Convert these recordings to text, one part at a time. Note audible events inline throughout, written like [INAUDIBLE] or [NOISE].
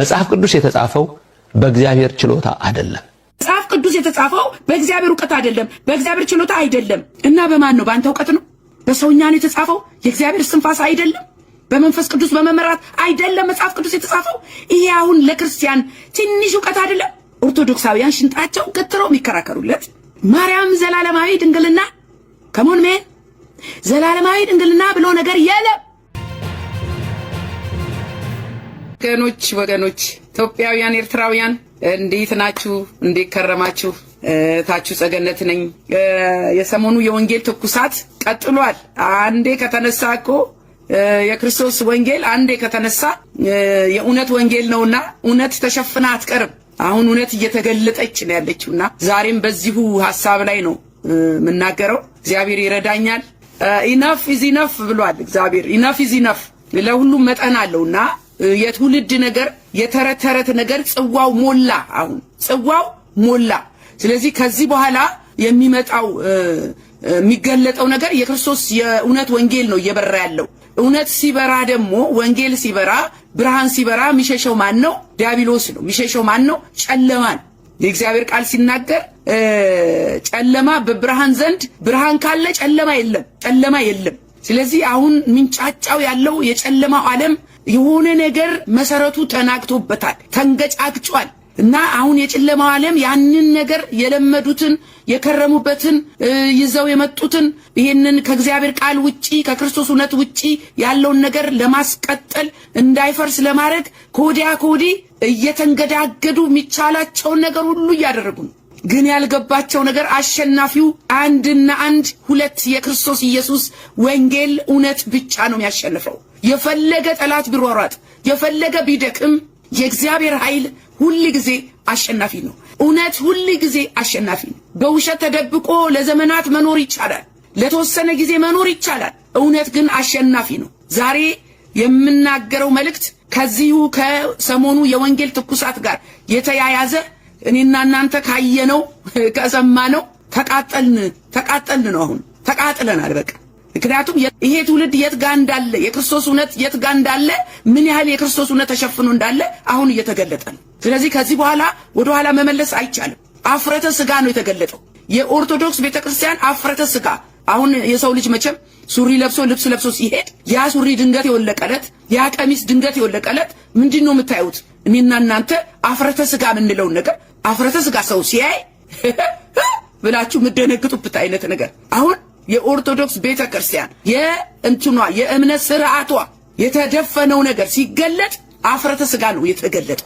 መጽሐፍ ቅዱስ የተጻፈው በእግዚአብሔር ችሎታ አይደለም። መጽሐፍ ቅዱስ የተጻፈው በእግዚአብሔር እውቀት አይደለም፣ በእግዚአብሔር ችሎታ አይደለም። እና በማን ነው? በአንተ እውቀት ነው? በሰውኛ ነው የተጻፈው? የእግዚአብሔር እስትንፋስ አይደለም? በመንፈስ ቅዱስ በመመራት አይደለም መጽሐፍ ቅዱስ የተጻፈው? ይሄ አሁን ለክርስቲያን ትንሽ እውቀት አይደለም። ኦርቶዶክሳውያን ሽንጣቸው ገትረው የሚከራከሩለት ማርያም ዘላለማዊ ድንግልና ከሞን ሜን ዘላለማዊ ድንግልና ብሎ ነገር የለም። ወገኖች ወገኖች ኢትዮጵያውያን ኤርትራውያን እንዴት ናችሁ? እንዴት ከረማችሁ? ታችሁ ጸገነት ነኝ። የሰሞኑ የወንጌል ትኩሳት ቀጥሏል። አንዴ ከተነሳ እኮ የክርስቶስ ወንጌል አንዴ ከተነሳ የእውነት ወንጌል ነውና እውነት ተሸፍና አትቀርም። አሁን እውነት እየተገለጠች ነው ያለችውና ዛሬም በዚሁ ሀሳብ ላይ ነው የምናገረው። እግዚአብሔር ይረዳኛል። ኢነፍ ኢዝ ኢነፍ ብሏል እግዚአብሔር። ኢነፍ ኢዝ ኢነፍ ለሁሉም መጠን አለውና የትውልድ ነገር የተረት ተረት ነገር ጽዋው ሞላ። አሁን ጽዋው ሞላ። ስለዚህ ከዚህ በኋላ የሚመጣው የሚገለጠው ነገር የክርስቶስ የእውነት ወንጌል ነው እየበራ ያለው። እውነት ሲበራ ደግሞ ወንጌል ሲበራ ብርሃን ሲበራ የሚሸሸው ማን ነው? ዲያብሎስ ነው። የሚሸሸው ማን ነው? ጨለማን። የእግዚአብሔር ቃል ሲናገር ጨለማ በብርሃን ዘንድ ብርሃን ካለ ጨለማ የለም፣ ጨለማ የለም። ስለዚህ አሁን ምንጫጫው ያለው የጨለማው ዓለም የሆነ ነገር መሰረቱ ተናግቶበታል፣ ተንገጫግጯል። እና አሁን የጨለማው ዓለም ያንን ነገር የለመዱትን የከረሙበትን ይዘው የመጡትን ይህንን ከእግዚአብሔር ቃል ውጪ ከክርስቶስ እውነት ውጪ ያለውን ነገር ለማስቀጠል እንዳይፈርስ ለማድረግ ከወዲያ ከወዲህ እየተንገዳገዱ የሚቻላቸውን ነገር ሁሉ እያደረጉ ነው። ግን ያልገባቸው ነገር አሸናፊው አንድና አንድ ሁለት የክርስቶስ ኢየሱስ ወንጌል እውነት ብቻ ነው የሚያሸንፈው። የፈለገ ጠላት ቢሯሯጥ የፈለገ ቢደክም የእግዚአብሔር ኃይል ሁል ጊዜ አሸናፊ ነው። እውነት ሁል ጊዜ አሸናፊ ነው። በውሸት ተደብቆ ለዘመናት መኖር ይቻላል። ለተወሰነ ጊዜ መኖር ይቻላል። እውነት ግን አሸናፊ ነው። ዛሬ የምናገረው መልእክት ከዚሁ ከሰሞኑ የወንጌል ትኩሳት ጋር የተያያዘ እኔና እናንተ ካየነው ከሰማነው ተቃጠልን ተቃጠልን ነው። አሁን ተቃጥለናል በቃ ምክንያቱም ይሄ ትውልድ የት ጋር እንዳለ የክርስቶስ እውነት የት ጋር እንዳለ ምን ያህል የክርስቶስ እውነት ተሸፍኖ እንዳለ አሁን እየተገለጠ ነው። ስለዚህ ከዚህ በኋላ ወደ ኋላ መመለስ አይቻልም። አፍረተ ስጋ ነው የተገለጠው። የኦርቶዶክስ ቤተክርስቲያን አፍረተ ስጋ። አሁን የሰው ልጅ መቼም ሱሪ ለብሶ ልብስ ለብሶ ሲሄድ ያ ሱሪ ድንገት የወለቀለት ያ ቀሚስ ድንገት የወለቀለት ምንድን ነው የምታዩት? እኔና እናንተ አፍረተ ስጋ የምንለውን ነገር አፍረተ ስጋ ሰው ሲያይ [LAUGHS] ብላችሁ የምደነግጡበት አይነት ነገር አሁን የኦርቶዶክስ ቤተ ክርስቲያን የእንትኗ የእምነት ስርዓቷ የተደፈነው ነገር ሲገለጥ አፍረተ ስጋ ነው የተገለጠ።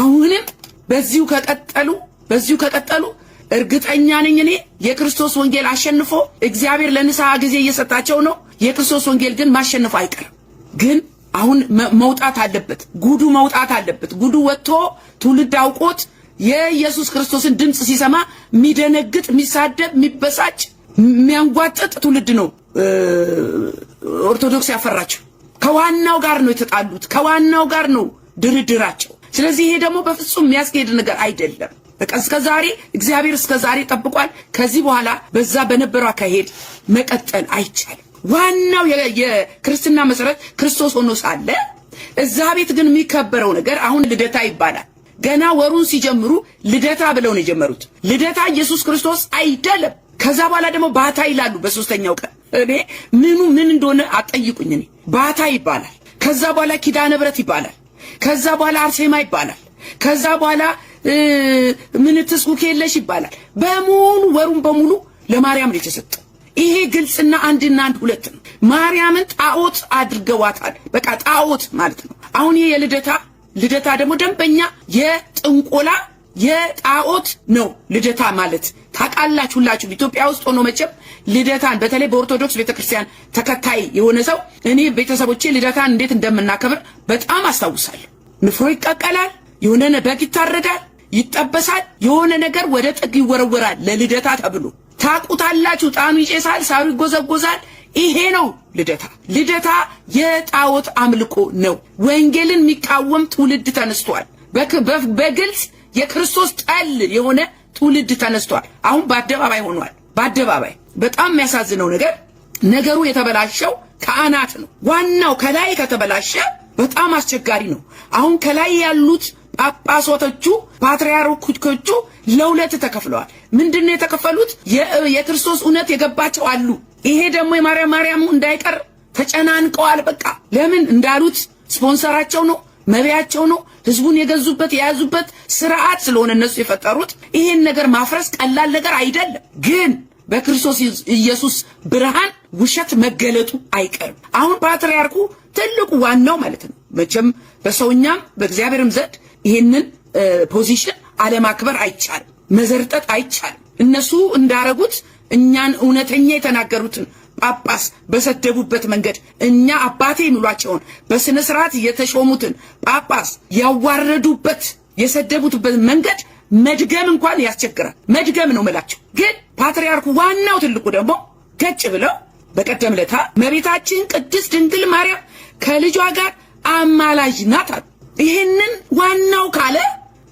አሁንም በዚሁ ከቀጠሉ በዚሁ ከቀጠሉ እርግጠኛ ነኝ እኔ የክርስቶስ ወንጌል አሸንፎ እግዚአብሔር ለንስሐ ጊዜ እየሰጣቸው ነው። የክርስቶስ ወንጌል ግን ማሸንፎ አይቀርም። ግን አሁን መውጣት አለበት፣ ጉዱ መውጣት አለበት። ጉዱ ወጥቶ ትውልድ አውቆት የኢየሱስ ክርስቶስን ድምፅ ሲሰማ የሚደነግጥ፣ የሚሳደብ፣ የሚበሳጭ የሚያንጓጥጥ ትውልድ ነው ኦርቶዶክስ ያፈራቸው። ከዋናው ጋር ነው የተጣሉት፣ ከዋናው ጋር ነው ድርድራቸው። ስለዚህ ይሄ ደግሞ በፍጹም የሚያስኬድ ነገር አይደለም። በቃ እስከ ዛሬ እግዚአብሔር እስከ ዛሬ ጠብቋል። ከዚህ በኋላ በዛ በነበረ አካሄድ መቀጠል አይቻልም። ዋናው የክርስትና መሰረት ክርስቶስ ሆኖ ሳለ እዛ ቤት ግን የሚከበረው ነገር አሁን ልደታ ይባላል። ገና ወሩን ሲጀምሩ ልደታ ብለው ነው የጀመሩት። ልደታ ኢየሱስ ክርስቶስ አይደለም። ከዛ በኋላ ደግሞ ባታ ይላሉ። በሶስተኛው ቀን እኔ ምኑ ምን እንደሆነ አጠይቁኝ። እኔ ባታ ይባላል። ከዛ በኋላ ኪዳነ ብረት ይባላል። ከዛ በኋላ አርሴማ ይባላል። ከዛ በኋላ ምንትስ ኩኬለሽ ይባላል። በሙሉ ወሩን በሙሉ ለማርያም ነው የተሰጠ። ይሄ ግልጽና አንድና አንድ ሁለት ነው። ማርያምን ጣዖት አድርገዋታል። በቃ ጣዖት ማለት ነው። አሁን ይሄ የልደታ ልደታ ደግሞ ደንበኛ የጥንቆላ የጣዖት ነው ልደታ ማለት ታውቃላችሁ። ሁላችሁ ኢትዮጵያ ውስጥ ሆኖ መቼም ልደታን በተለይ በኦርቶዶክስ ቤተክርስቲያን ተከታይ የሆነ ሰው እኔ ቤተሰቦቼ ልደታን እንዴት እንደምናከብር በጣም አስታውሳለሁ። ንፍሮ ይቀቀላል፣ የሆነ በግ ይታረዳል፣ ይጠበሳል፣ የሆነ ነገር ወደ ጥግ ይወረወራል ለልደታ ተብሎ ታቁታላችሁ። ጣኑ ይጨሳል፣ ሳሩ ይጎዘጎዛል። ይሄ ነው ልደታ። ልደታ የጣዖት አምልኮ ነው። ወንጌልን የሚቃወም ትውልድ ተነስቷል በግልጽ የክርስቶስ ጠል የሆነ ትውልድ ተነስቷል። አሁን በአደባባይ ሆኗል። በአደባባይ በጣም የሚያሳዝነው ነገር ነገሩ የተበላሸው ከአናት ነው። ዋናው ከላይ ከተበላሸ በጣም አስቸጋሪ ነው። አሁን ከላይ ያሉት ጳጳሶቶቹ ፓትርያርኮቹ ለሁለት ተከፍለዋል። ምንድን ነው የተከፈሉት? የክርስቶስ እውነት የገባቸው አሉ። ይሄ ደግሞ የማርያም ማርያሙ እንዳይቀር ተጨናንቀዋል። በቃ ለምን እንዳሉት ስፖንሰራቸው ነው መብያቸው ነው። ህዝቡን የገዙበት የያዙበት ስርዓት ስለሆነ እነሱ የፈጠሩት ይሄን ነገር ማፍረስ ቀላል ነገር አይደለም። ግን በክርስቶስ ኢየሱስ ብርሃን ውሸት መገለጡ አይቀርም። አሁን ፓትርያርኩ ትልቁ ዋናው ማለት ነው መቼም በሰውኛም በእግዚአብሔርም ዘንድ ይህንን ፖዚሽን አለማክበር አይቻልም፣ መዘርጠጥ አይቻልም። እነሱ እንዳረጉት እኛን እውነተኛ የተናገሩትን ጳጳስ በሰደቡበት መንገድ እኛ አባቴ የሚሏቸውን በስነ ስርዓት የተሾሙትን ጳጳስ ያዋረዱበት የሰደቡትበት መንገድ መድገም እንኳን ያስቸግራል። መድገም ነው መላቸው። ግን ፓትርያርኩ ዋናው ትልቁ ደግሞ ገጭ ብለው በቀደም ለታ መቤታችን ቅድስት ድንግል ማርያም ከልጇ ጋር አማላጅ ናት አሉ። ይህንን ዋናው ካለ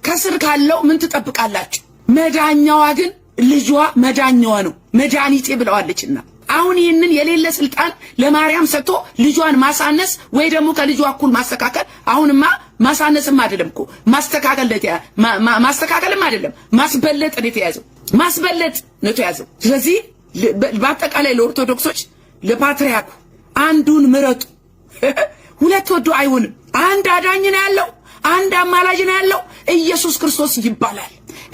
ከስር ካለው ምን ትጠብቃላችሁ? መዳኛዋ ግን ልጇ መዳኛዋ ነው መድኃኒቴ ብለዋለችና አሁን ይህንን የሌለ ስልጣን ለማርያም ሰጥቶ ልጇን ማሳነስ ወይ ደግሞ ከልጇ እኩል ማስተካከል አሁንማ ማሳነስም አይደለም እኮ ማስተካከል ማስተካከልም አይደለም ማስበለጥ ነው የተያዘው። ማስበለጥ ነው የተያዘው። ስለዚህ በአጠቃላይ ለኦርቶዶክሶች ለፓትርያርኩ አንዱን ምረጡ። [LAUGHS] ሁለት ወዶ አይሆንም። አንድ አዳኝ ነው ያለው፣ አንድ አማላጅ ነው ያለው፣ ኢየሱስ ክርስቶስ ይባላል።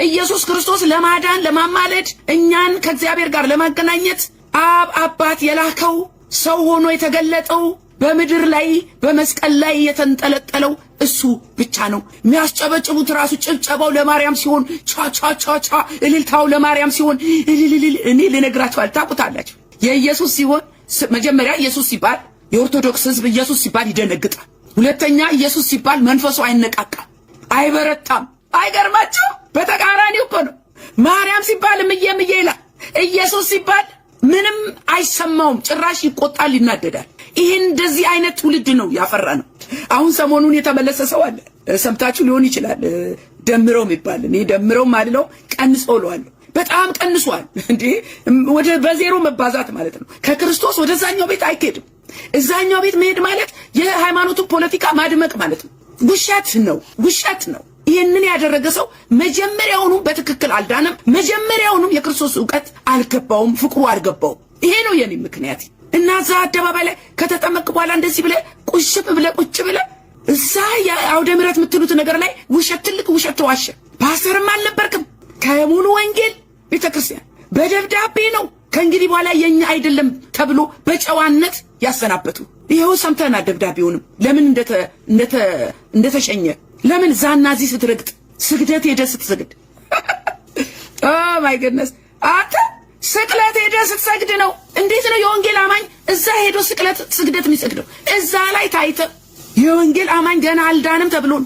ኢየሱስ ክርስቶስ ለማዳን ለማማለድ እኛን ከእግዚአብሔር ጋር ለማገናኘት አብ አባት የላከው ሰው ሆኖ የተገለጠው በምድር ላይ በመስቀል ላይ የተንጠለጠለው እሱ ብቻ ነው። የሚያስጨበጭቡት ራሱ ጭብጨባው ለማርያም ሲሆን፣ ቻቻቻቻ እልልታው ለማርያም ሲሆን እልልልል እኔ ልነግራቸዋል ታቁታላቸው የኢየሱስ ሲሆን መጀመሪያ ኢየሱስ ሲባል የኦርቶዶክስ ሕዝብ ኢየሱስ ሲባል ይደነግጣል። ሁለተኛ ኢየሱስ ሲባል መንፈሱ አይነቃቃም፣ አይበረታም። አይገርማችሁ? በተቃራኒ እኮ ነው። ማርያም ሲባል ምዬ ምዬ ይላል። ኢየሱስ ሲባል ምንም አይሰማውም። ጭራሽ ይቆጣል፣ ይናደዳል። ይህን እንደዚህ አይነት ትውልድ ነው ያፈራ ነው። አሁን ሰሞኑን የተመለሰ ሰው አለ፣ ሰምታችሁ ሊሆን ይችላል። ደምረው የሚባል እኔ ደምረው ማልለው ቀንሶ ለዋለሁ። በጣም ቀንሷል። እንዲህ ወደ በዜሮ መባዛት ማለት ነው። ከክርስቶስ ወደዛኛው ቤት አይኬድም። እዛኛው ቤት መሄድ ማለት የሃይማኖቱ ፖለቲካ ማድመቅ ማለት ነው። ውሸት ነው፣ ውሸት ነው። ይህንን ያደረገ ሰው መጀመሪያውኑም በትክክል አልዳነም። መጀመሪያውኑም የክርስቶስ እውቀት አልገባውም፣ ፍቅሩ አልገባውም። ይሄ ነው የኔ ምክንያት እና እዛ አደባባይ ላይ ከተጠመቅ በኋላ እንደዚህ ብለ ቁሽብ ብለ ቁጭ ብለ እዛ የአውደ ምረት የምትሉት ነገር ላይ ውሸት፣ ትልቅ ውሸት ተዋሸ። ፓስተርም አልነበርክም ከሙሉ ወንጌል ቤተክርስቲያን በደብዳቤ ነው ከእንግዲህ በኋላ የኛ አይደለም ተብሎ በጨዋነት ያሰናበቱ። ይኸው ሰምተና ደብዳቤውንም ለምን እንደተሸኘ ለምን ዛና እዚህ ስትረግጥ ስግደት ሄደ ስትሰግድ ኦ ማይ ገድነስ አንተ ስቅለት ሄደ ስትሰግድ ነው። እንዴት ነው የወንጌል አማኝ እዛ ሄዶ ስቅለት ስግደት የሚሰግደው? እዛ ላይ ታይተ የወንጌል አማኝ ገና አልዳንም ተብሎን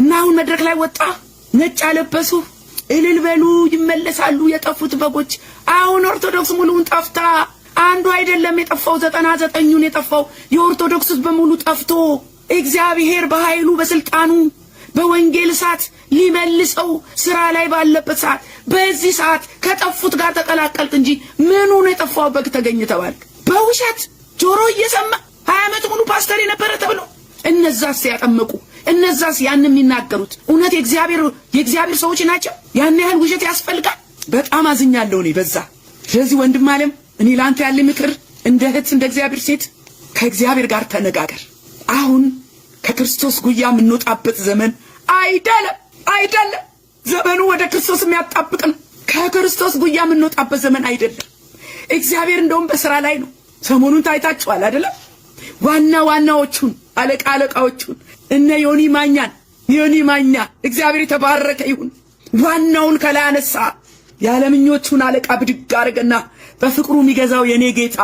እና አሁን መድረክ ላይ ወጣ፣ ነጭ አለበሱ፣ እልል በሉ፣ ይመለሳሉ የጠፉት በጎች። አሁን ኦርቶዶክስ ሙሉውን ጠፍታ፣ አንዱ አይደለም የጠፋው፣ ዘጠና ዘጠኙን የጠፋው የኦርቶዶክስ በሙሉ ጠፍቶ እግዚአብሔር በኃይሉ በስልጣኑ በወንጌል እሳት ሊመልሰው ስራ ላይ ባለበት ሰዓት በዚህ ሰዓት ከጠፉት ጋር ተቀላቀልክ እንጂ ምኑ ነው የጠፋው? በግ ተገኘ ተባልክ። በውሸት ጆሮ እየሰማ ሀያ ዓመት ሙሉ ፓስተር የነበረ ተብሎ እነዛስ ያጠመቁ እነዛስ ያን የሚናገሩት እውነት የእግዚአብሔር የእግዚአብሔር ሰዎች ናቸው? ያን ያህል ውሸት ያስፈልጋል? በጣም አዝኛለሁ እኔ በዛ። ስለዚህ ወንድም አለም እኔ ለአንተ ያለ ምክር እንደ እህት እንደ እግዚአብሔር ሴት ከእግዚአብሔር ጋር ተነጋገር አሁን ከክርስቶስ ጉያ የምንወጣበት ዘመን አይደለም አይደለም። ዘመኑ ወደ ክርስቶስ የሚያጣብቅ ነው። ከክርስቶስ ጉያ የምንወጣበት ዘመን አይደለም። እግዚአብሔር እንደውም በስራ ላይ ነው። ሰሞኑን ታይታችኋል አይደለም? ዋና ዋናዎቹን አለቃ አለቃዎቹን እነ ዮኒ ማኛን ዮኒ ማኛ እግዚአብሔር የተባረከ ይሁን። ዋናውን ከላይ አነሳ። ያለምኞቹን አለቃ ብድግ አረገና በፍቅሩ የሚገዛው የኔ ጌታ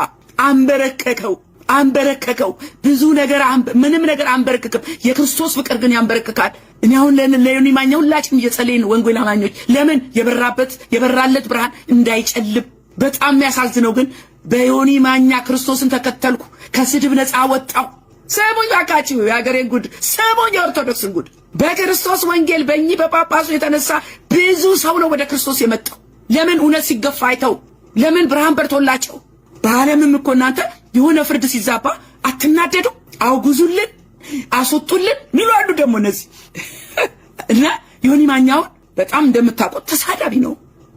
አንበረከከው። አንበረከከው። ብዙ ነገር ምንም ነገር አንበረከከም። የክርስቶስ ፍቅር ግን ያንበረከካል። እኔ አሁን ለዮኒ ማኛ ሁላችንም እየጸለይን ወንጌል አማኞች ለምን የበራበት የበራለት ብርሃን እንዳይጨልም። በጣም የሚያሳዝነው ግን በዮኒ ማኛ ክርስቶስን ተከተልኩ፣ ከስድብ ነፃ ወጣው ስሙኝ ባካችሁ የሀገሬን ጉድ ስሙኝ፣ የኦርቶዶክስን ጉድ። በክርስቶስ ወንጌል በእኚህ በጳጳሱ የተነሳ ብዙ ሰው ነው ወደ ክርስቶስ የመጣው። ለምን እውነት ሲገፋ አይተው፣ ለምን ብርሃን በርቶላቸው በዓለምም እኮ እናንተ የሆነ ፍርድ ሲዛባ አትናደዱ፣ አውጉዙልን፣ አስወጡልን ሚሉ አሉ። ደግሞ እነዚህ እና ዮኒ ማኛውን በጣም እንደምታውቁት ተሳዳቢ ነው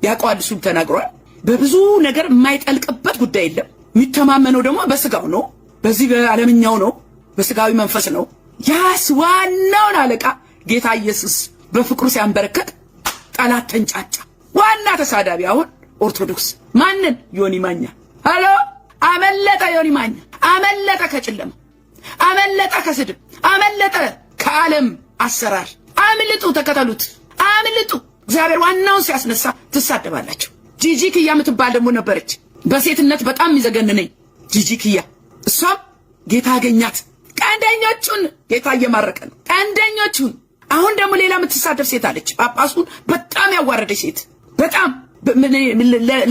ያውቀዋል። እሱም ተናግሯል። በብዙ ነገር የማይጠልቅበት ጉዳይ የለም። የሚተማመነው ደግሞ በስጋው ነው፣ በዚህ በዓለምኛው ነው፣ በስጋዊ መንፈስ ነው። ያስ ዋናውን አለቃ ጌታ ኢየሱስ በፍቅሩ ሲያንበረከት ጠላት ተንጫጫ። ዋና ተሳዳቢ አሁን ኦርቶዶክስ ማንን ዮኒ ማኛ አሎ አመለጠ፣ ዮኒ ማኛ አመለጠ፣ ከጨለማ አመለጠ፣ ከስድብ አመለጠ፣ ከዓለም አሰራር አምልጡ፣ ተከተሉት፣ አምልጡ። እግዚአብሔር ዋናውን ሲያስነሳ ትሳደባላችሁ። ጂጂ ክያ የምትባል ደግሞ ነበረች። በሴትነት በጣም የሚዘገንነኝ ጂጂ ክያ። እሷም ጌታ አገኛት። ቀንደኞቹን ጌታ እየማረቀ ነው ቀንደኞቹን። አሁን ደግሞ ሌላ የምትሳደብ ሴት አለች፣ ጳጳሱን በጣም ያዋረደች ሴት በጣም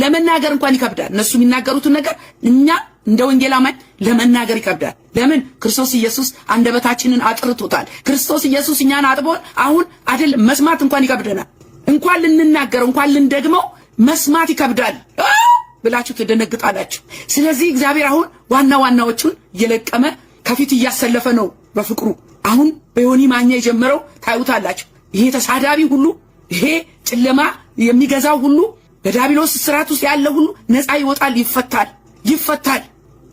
ለመናገር እንኳን ይከብዳል። እነሱ የሚናገሩትን ነገር እኛ እንደ ወንጌል አማኝ ለመናገር ይከብዳል። ለምን? ክርስቶስ ኢየሱስ አንደበታችንን አጥርቶታል። ክርስቶስ ኢየሱስ እኛን አጥቦን አሁን አይደለም መስማት እንኳን ይከብደናል። እንኳን ልንናገር እንኳን ልንደግመው መስማት ይከብዳል ብላችሁ ትደነግጣላችሁ። ስለዚህ እግዚአብሔር አሁን ዋና ዋናዎቹን እየለቀመ ከፊት እያሰለፈ ነው በፍቅሩ። አሁን በዮኒ ማኛ የጀመረው ታዩታላችሁ። ይሄ ተሳዳቢ ሁሉ ይሄ ጨለማ የሚገዛው ሁሉ በዲያብሎስ ስርዓት ውስጥ ያለ ሁሉ ነፃ ይወጣል፣ ይፈታል፣ ይፈታል።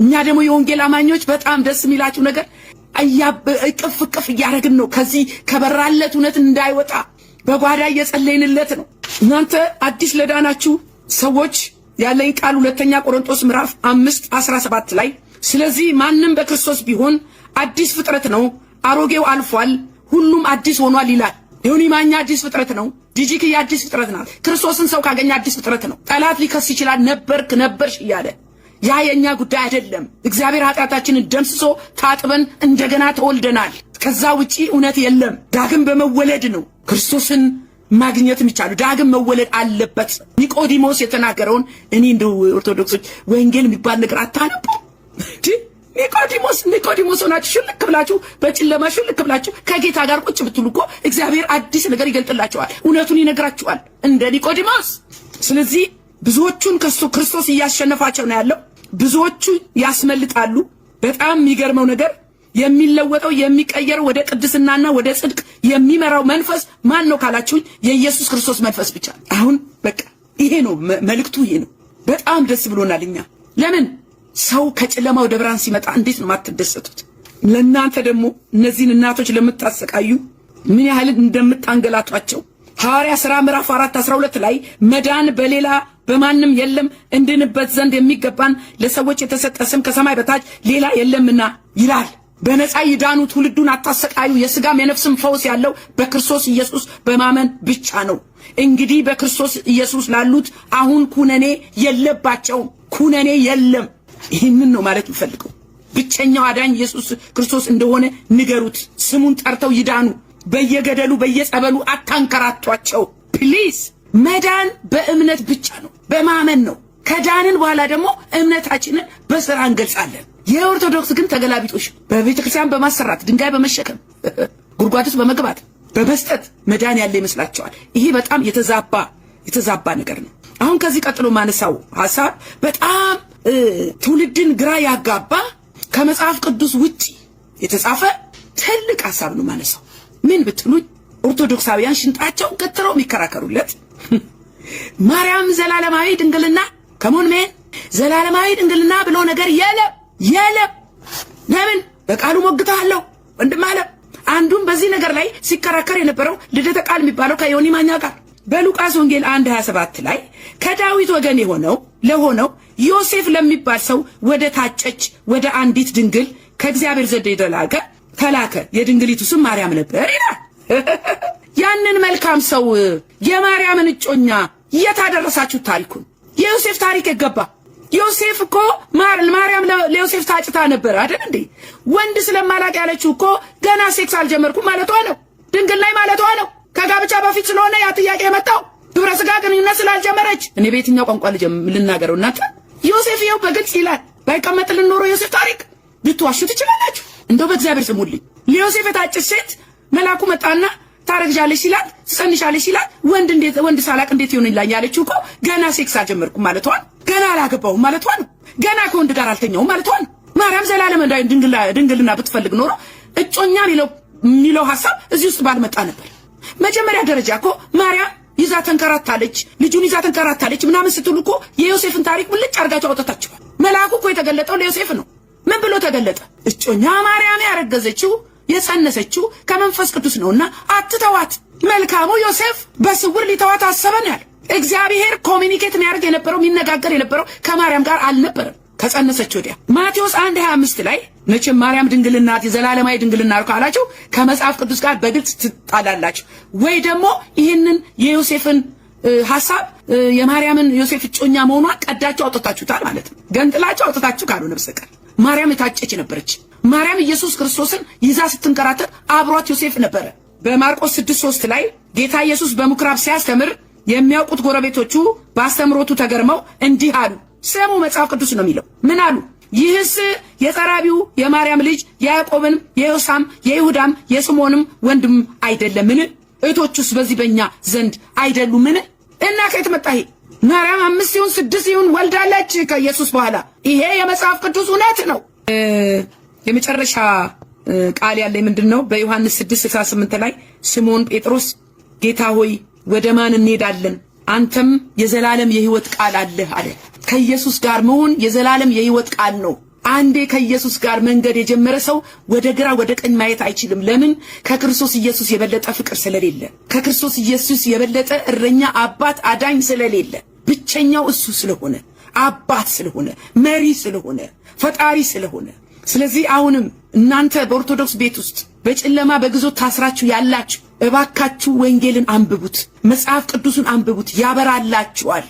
እኛ ደግሞ የወንጌል አማኞች በጣም ደስ የሚላችሁ ነገር እቅፍ እቅፍ እያደረግን ነው። ከዚህ ከበራለት እውነት እንዳይወጣ በጓዳ እየጸለይንለት ነው። እናንተ አዲስ ለዳናችሁ ሰዎች ያለኝ ቃል ሁለተኛ ቆሮንቶስ ምዕራፍ አምስት አስራ ሰባት ላይ ስለዚህ ማንም በክርስቶስ ቢሆን አዲስ ፍጥረት ነው፣ አሮጌው አልፏል፣ ሁሉም አዲስ ሆኗል ይላል። ዮኒ ማኛ አዲስ ፍጥረት ነው። ዲጂክያ አዲስ ፍጥረት ናት። ክርስቶስን ሰው ካገኘ አዲስ ፍጥረት ነው። ጠላት ሊከስ ይችላል። ነበርክ ነበርሽ እያለ ያ የእኛ ጉዳይ አይደለም። እግዚአብሔር ኃጢአታችንን ደምስሶ ታጥበን እንደገና ተወልደናል። ከዛ ውጪ እውነት የለም። ዳግም በመወለድ ነው ክርስቶስን ማግኘት የሚቻሉ። ዳግም መወለድ አለበት። ኒቆዲሞስ የተናገረውን እኔ እንደ ኦርቶዶክሶች ወንጌል የሚባል ነገር አታነቡ ኒቆዲሞስ ኒቆዲሞስ ሆናችሁ ሽልክ ብላችሁ በጨለማ ሽልክ ብላችሁ ከጌታ ጋር ቁጭ ብትሉ እኮ እግዚአብሔር አዲስ ነገር ይገልጥላችኋል፣ እውነቱን ይነግራችኋል እንደ ኒቆዲሞስ። ስለዚህ ብዙዎቹን ከሱ ክርስቶስ እያሸነፋቸው ነው ያለው። ብዙዎቹ ያስመልጣሉ። በጣም የሚገርመው ነገር የሚለወጠው የሚቀየረው ወደ ቅድስናና ወደ ጽድቅ የሚመራው መንፈስ ማን ነው ካላችሁኝ፣ የኢየሱስ ክርስቶስ መንፈስ ብቻ። አሁን በቃ ይሄ ነው መልእክቱ፣ ይሄ ነው። በጣም ደስ ብሎናል እኛ ለምን ሰው ከጨለማ ወደ ብርሃን ሲመጣ እንዴት ነው የማትደሰቱት? ለእናንተ ደግሞ እነዚህን እናቶች ለምታሰቃዩ ምን ያህል እንደምታንገላቷቸው ሐዋርያ ሥራ ምዕራፍ 4 12 ላይ መዳን በሌላ በማንም የለም እንድንበት ዘንድ የሚገባን ለሰዎች የተሰጠ ስም ከሰማይ በታች ሌላ የለምና ይላል። በነፃ ይዳኑ፣ ትውልዱን አታሰቃዩ። የስጋም የነፍስም ፈውስ ያለው በክርስቶስ ኢየሱስ በማመን ብቻ ነው። እንግዲህ በክርስቶስ ኢየሱስ ላሉት አሁን ኩነኔ የለባቸውም። ኩነኔ የለም። ይህንን ነው ማለት የምፈልገው። ብቸኛው አዳኝ ኢየሱስ ክርስቶስ እንደሆነ ንገሩት። ስሙን ጠርተው ይዳኑ። በየገደሉ በየጸበሉ አታንከራቷቸው። ፕሊስ መዳን በእምነት ብቻ ነው፣ በማመን ነው። ከዳንን በኋላ ደግሞ እምነታችንን በስራ እንገልጻለን። የኦርቶዶክስ ግን ተገላቢጦሽ በቤተ ክርስቲያን በማሰራት ድንጋይ በመሸከም [LAUGHS] ጉድጓድ ውስጥ በመግባት በመስጠት መዳን ያለ ይመስላቸዋል። ይሄ በጣም የተዛባ የተዛባ ነገር ነው። አሁን ከዚህ ቀጥሎ ማነሳው ሀሳብ በጣም ትውልድን ግራ ያጋባ ከመጽሐፍ ቅዱስ ውጭ የተጻፈ ትልቅ ሀሳብ ነው ማለት ነው። ምን ብትሉኝ ኦርቶዶክሳውያን ሽንጣቸውን ገትረው የሚከራከሩለት [LAUGHS] ማርያም ዘላለማዊ ድንግልና ከሞን ሜን ዘላለማዊ ድንግልና ብሎ ነገር የለም የለም። ለምን በቃሉ ሞግታለሁ ወንድም አለ። አንዱም በዚህ ነገር ላይ ሲከራከር የነበረው ልደተ ቃል የሚባለው ከዮኒ ማኛ ጋር በሉቃስ ወንጌል 1 27 ላይ ከዳዊት ወገን የሆነው ለሆነው ዮሴፍ ለሚባል ሰው ወደ ታጨች ወደ አንዲት ድንግል ከእግዚአብሔር ዘንድ የተላከ ተላከ። የድንግሊቱ ስም ማርያም ነበር ይላል። [LAUGHS] ያንን መልካም ሰው የማርያምን እጮኛ የት አደረሳችሁት? ታሪኩን የዮሴፍ ታሪክ የገባ ዮሴፍ እኮ ማርያም ለዮሴፍ ታጭታ ነበር አይደል እንዴ? ወንድ ስለማላቅ ያለችው እኮ ገና ሴክስ አልጀመርኩም ማለቷ ነው። ድንግል ላይ ማለቷ ነው። ከጋብቻ በፊት ስለሆነ ያ ጥያቄ የመጣው ግብረ ስጋ ግንኙነት ስላልጀመረች እኔ በየትኛው ቋንቋ ልናገረው? እናንተ ዮሴፍ ይኸው በግልጽ ይላል። ባይቀመጥልን ኖሮ ዮሴፍ ታሪክ ልትዋሹ ትችላላችሁ። እንደው በእግዚአብሔር ስሙልኝ። ለዮሴፍ የታጨች ሴት መልአኩ መጣና ታረግዣለሽ ይላል፣ ትጸንሻለሽ ይላል። ወንድ እንዴት ወንድ ሳላቅ እንዴት ይሆንልኝ ያለችው እኮ ገና ሴክስ አልጀመርኩም ማለቷ ነው። ገና አላገባውም ማለቷ ነው። ገና ከወንድ ጋር አልተኛውም ማለቷ ነው። ማርያም ዘላለም እንዳይ ድንግልና ብትፈልግ ኖሮ እጮኛ የሚለው ሀሳብ እዚህ ውስጥ ባልመጣ ነበር። መጀመሪያ ደረጃ እኮ ማርያም ይዛ ተንከራታለች፣ ልጁን ይዛ ተንከራታለች ምናምን ስትሉ እኮ የዮሴፍን ታሪክ ብልጭ አርጋችሁ አውጥታችኋል። መልአኩ እኮ የተገለጠው ለዮሴፍ ነው። ምን ብሎ ተገለጠ? እጮኛ ማርያም ያረገዘችው የጸነሰችው ከመንፈስ ቅዱስ ነውና አትተዋት። መልካሙ ዮሴፍ በስውር ሊተዋት አሰበን ያለ እግዚአብሔር ኮሚኒኬት የሚያደርግ የነበረው የሚነጋገር የነበረው ከማርያም ጋር አልነበረም። ከጸነሰች ወዲያ ማቴዎስ 1 25 ላይ መቼም ማርያም ድንግልና የዘላለማዊ ድንግልና ካላችሁ ከመጽሐፍ ቅዱስ ጋር በግልጽ ትጣላላችሁ፣ ወይ ደግሞ ይህንን የዮሴፍን ሐሳብ የማርያምን ዮሴፍ እጮኛ መሆኗን ቀዳችሁ አውጥታችሁታል ማለት ነው። ገንጥላችሁ አውጥታችሁ ካልሆነ በስተቀር ማርያም የታጨች ነበረች። ማርያም ኢየሱስ ክርስቶስን ይዛ ስትንከራተት አብሯት ዮሴፍ ነበረ። በማርቆስ 6:3 ላይ ጌታ ኢየሱስ በምኩራብ ሲያስተምር የሚያውቁት ጎረቤቶቹ በአስተምሮቱ ተገርመው እንዲህ አሉ ስሙ መጽሐፍ ቅዱስ ነው የሚለው። ምን አሉ? ይህስ የጸራቢው የማርያም ልጅ የያዕቆብንም የዮሳም የይሁዳም የስምዖንም ወንድም አይደለምን? እህቶቹስ በዚህ በእኛ ዘንድ አይደሉምን? እና ከየት መጣ ይሄ? ማርያም አምስት ይሁን ስድስት ይሁን ወልዳለች ከኢየሱስ በኋላ። ይሄ የመጽሐፍ ቅዱስ እውነት ነው። የመጨረሻ ቃል ያለ ምንድን ነው? በዮሐንስ 6:68 ላይ ስምዖን ጴጥሮስ ጌታ ሆይ ወደ ማን እንሄዳለን? አንተም የዘላለም የህይወት ቃል አለህ አለ። ከኢየሱስ ጋር መሆን የዘላለም የህይወት ቃል ነው። አንዴ ከኢየሱስ ጋር መንገድ የጀመረ ሰው ወደ ግራ ወደ ቀኝ ማየት አይችልም። ለምን? ከክርስቶስ ኢየሱስ የበለጠ ፍቅር ስለሌለ፣ ከክርስቶስ ኢየሱስ የበለጠ እረኛ፣ አባት፣ አዳኝ ስለሌለ፣ ብቸኛው እሱ ስለሆነ፣ አባት ስለሆነ፣ መሪ ስለሆነ፣ ፈጣሪ ስለሆነ። ስለዚህ አሁንም እናንተ በኦርቶዶክስ ቤት ውስጥ በጨለማ በግዞት ታስራችሁ ያላችሁ እባካችሁ ወንጌልን አንብቡት፣ መጽሐፍ ቅዱሱን አንብቡት፣ ያበራላችኋል።